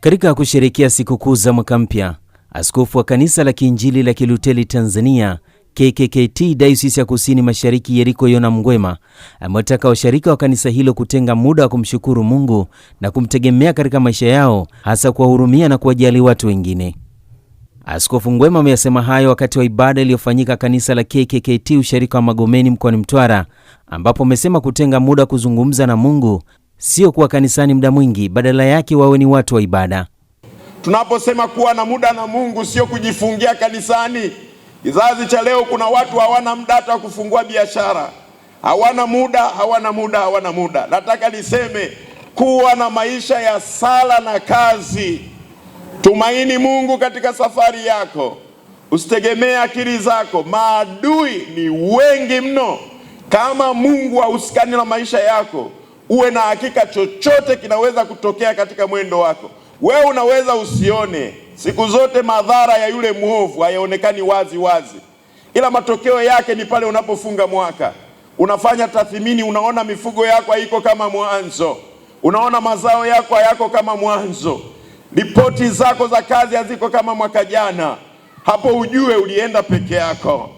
Katika kusherekea sikukuu za mwaka mpya, askofu wa kanisa la Kiinjili la Kiluteli Tanzania KKKT Dayosisi ya Kusini Mashariki Yeriko Yona Mgwema amewataka washirika wa kanisa hilo kutenga muda wa kumshukuru Mungu na kumtegemea katika maisha yao, hasa kuwahurumia na kuwajali watu wengine. Askofu Ngwema ameyasema hayo wakati wa ibada iliyofanyika kanisa la KKKT ushariki wa Magomeni mkoani Mtwara, ambapo amesema kutenga muda wa kuzungumza na Mungu sio kuwa kanisani muda mwingi, badala yake wawe ni watu wa ibada. Tunaposema kuwa na muda na Mungu sio kujifungia kanisani. Kizazi cha leo kuna watu hawana muda hata wa kufungua biashara, hawana muda, hawana muda, hawana muda. Nataka niseme kuwa na maisha ya sala na kazi. Tumaini Mungu katika safari yako, usitegemee akili zako. Maadui ni wengi mno. Kama Mungu hausikani na maisha yako uwe na hakika chochote kinaweza kutokea katika mwendo wako. Wewe unaweza usione, siku zote madhara ya yule mwovu hayaonekani wazi wazi, ila matokeo yake ni pale unapofunga mwaka, unafanya tathmini, unaona mifugo yako haiko kama mwanzo, unaona mazao yako hayako kama mwanzo, ripoti zako za kazi haziko kama mwaka jana. Hapo ujue ulienda peke yako.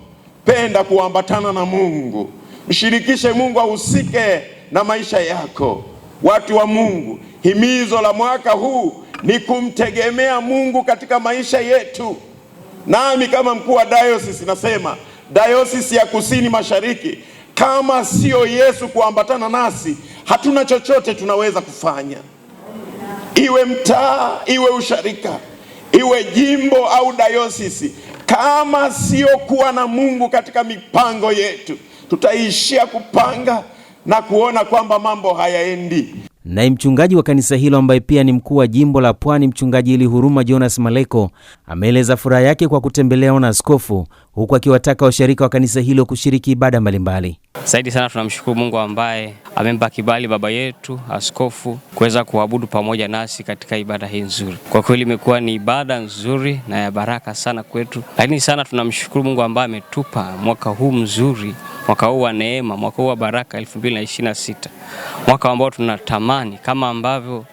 Penda kuambatana na Mungu, mshirikishe Mungu ahusike na maisha yako. Watu wa Mungu, himizo la mwaka huu ni kumtegemea Mungu katika maisha yetu. Nami kama mkuu wa dayosisi nasema dayosisi ya Kusini Mashariki, kama siyo Yesu kuambatana nasi, hatuna chochote tunaweza kufanya, iwe mtaa, iwe usharika, iwe jimbo au dayosisi. Kama sio kuwa na Mungu katika mipango yetu, tutaishia kupanga na kuona kwamba mambo hayaendi. Naye mchungaji wa kanisa hilo ambaye pia ni mkuu wa jimbo la Pwani, mchungaji huruma Jonas Maleko, ameeleza furaha yake kwa kutembelewa na askofu, huku akiwataka washirika wa kanisa hilo kushiriki ibada mbalimbali. Zaidi sana tunamshukuru Mungu ambaye amempa kibali baba yetu askofu kuweza kuabudu pamoja nasi katika ibada hii nzuri. Kwa kweli imekuwa ni ibada nzuri na ya baraka sana kwetu, lakini sana tunamshukuru Mungu ambaye ametupa mwaka huu mzuri, mwaka huu wa neema, mwaka huu wa baraka 2026, mwaka ambao tunatamani kama ambavyo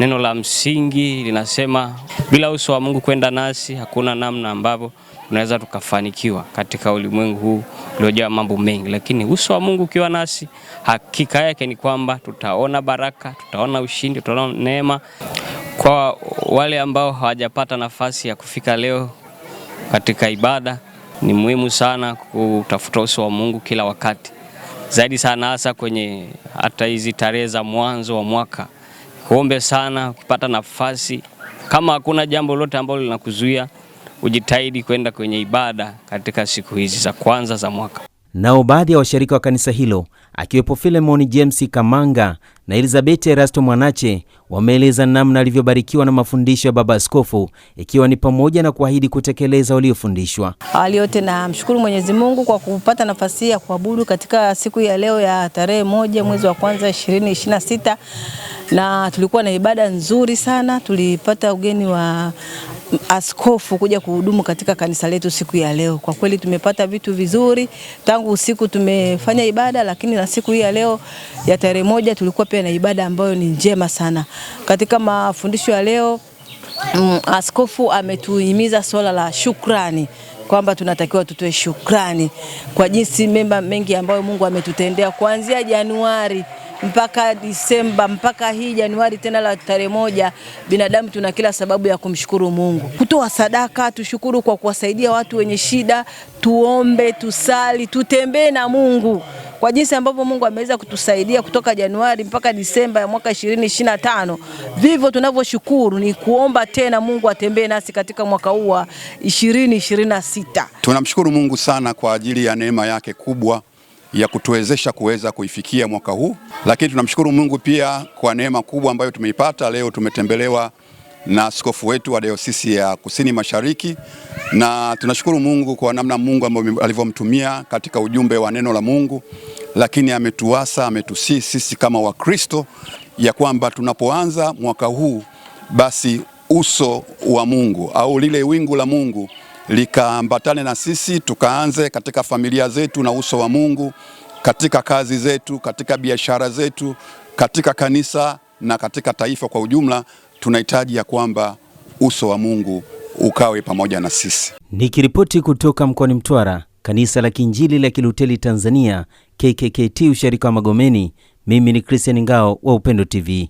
neno la msingi linasema bila uso wa Mungu kwenda nasi hakuna namna ambavyo tunaweza tukafanikiwa katika ulimwengu huu uliojaa mambo mengi, lakini uso wa Mungu ukiwa nasi, hakika yake ni kwamba tutaona baraka, tutaona ushindi, tutaona neema. Kwa wale ambao hawajapata nafasi ya kufika leo katika ibada, ni muhimu sana kutafuta uso wa Mungu kila wakati, zaidi sana hasa kwenye hata hizi tarehe za mwanzo wa mwaka. Kuombe sana ukipata nafasi, kama hakuna jambo lolote ambalo linakuzuia ujitahidi kwenda kwenye ibada katika siku hizi za kwanza za mwaka. Nao baadhi ya washirika wa kanisa hilo akiwepo Filemon James Kamanga na Elizabeth Erasto Mwanache wameeleza namna alivyobarikiwa na mafundisho ya Baba Askofu, ikiwa ni pamoja na kuahidi kutekeleza waliofundishwa. Awali yote, namshukuru Mwenyezi Mungu kwa kupata nafasi ya kuabudu katika siku ya leo ya tarehe moja mwezi wa kwanza 2026 na tulikuwa na ibada nzuri sana. Tulipata ugeni wa askofu kuja kuhudumu katika kanisa letu siku ya leo. Kwa kweli tumepata vitu vizuri tangu usiku tumefanya ibada, lakini na siku hii ya leo ya tarehe moja tulikuwa pia na ibada ambayo ni njema sana. Katika mafundisho ya leo mm, askofu ametuhimiza swala la shukrani kwamba tunatakiwa tutoe shukrani kwa jinsi mema mengi ambayo Mungu ametutendea kuanzia Januari mpaka Disemba mpaka hii Januari tena la tarehe moja, binadamu tuna kila sababu ya kumshukuru Mungu. Kutoa sadaka, tushukuru kwa kuwasaidia watu wenye shida, tuombe, tusali, tutembee na Mungu kwa jinsi ambavyo Mungu ameweza kutusaidia kutoka Januari mpaka Disemba ya mwaka 2025. Vivyo tunavyoshukuru ni kuomba tena Mungu atembee nasi katika mwaka huu wa 2026. Tunamshukuru Mungu sana kwa ajili ya neema yake kubwa ya kutuwezesha kuweza kuifikia mwaka huu, lakini tunamshukuru Mungu pia kwa neema kubwa ambayo tumeipata. Leo tumetembelewa na askofu wetu wa Dayosisi ya Kusini Mashariki na tunashukuru Mungu kwa namna Mungu alivyomtumia katika ujumbe wa neno la Mungu, lakini ametuasa ametusii sisi kama Wakristo ya kwamba tunapoanza mwaka huu basi uso wa Mungu au lile wingu la Mungu likaambatane na sisi, tukaanze katika familia zetu na uso wa Mungu, katika kazi zetu, katika biashara zetu, katika kanisa na katika taifa kwa ujumla. Tunahitaji ya kwamba uso wa Mungu ukawe pamoja na sisi. Nikiripoti kutoka mkoani Mtwara, kanisa la Kiinjili la Kiluteli Tanzania KKKT, ushirika wa Magomeni, mimi ni Christian Ngao wa Upendo TV.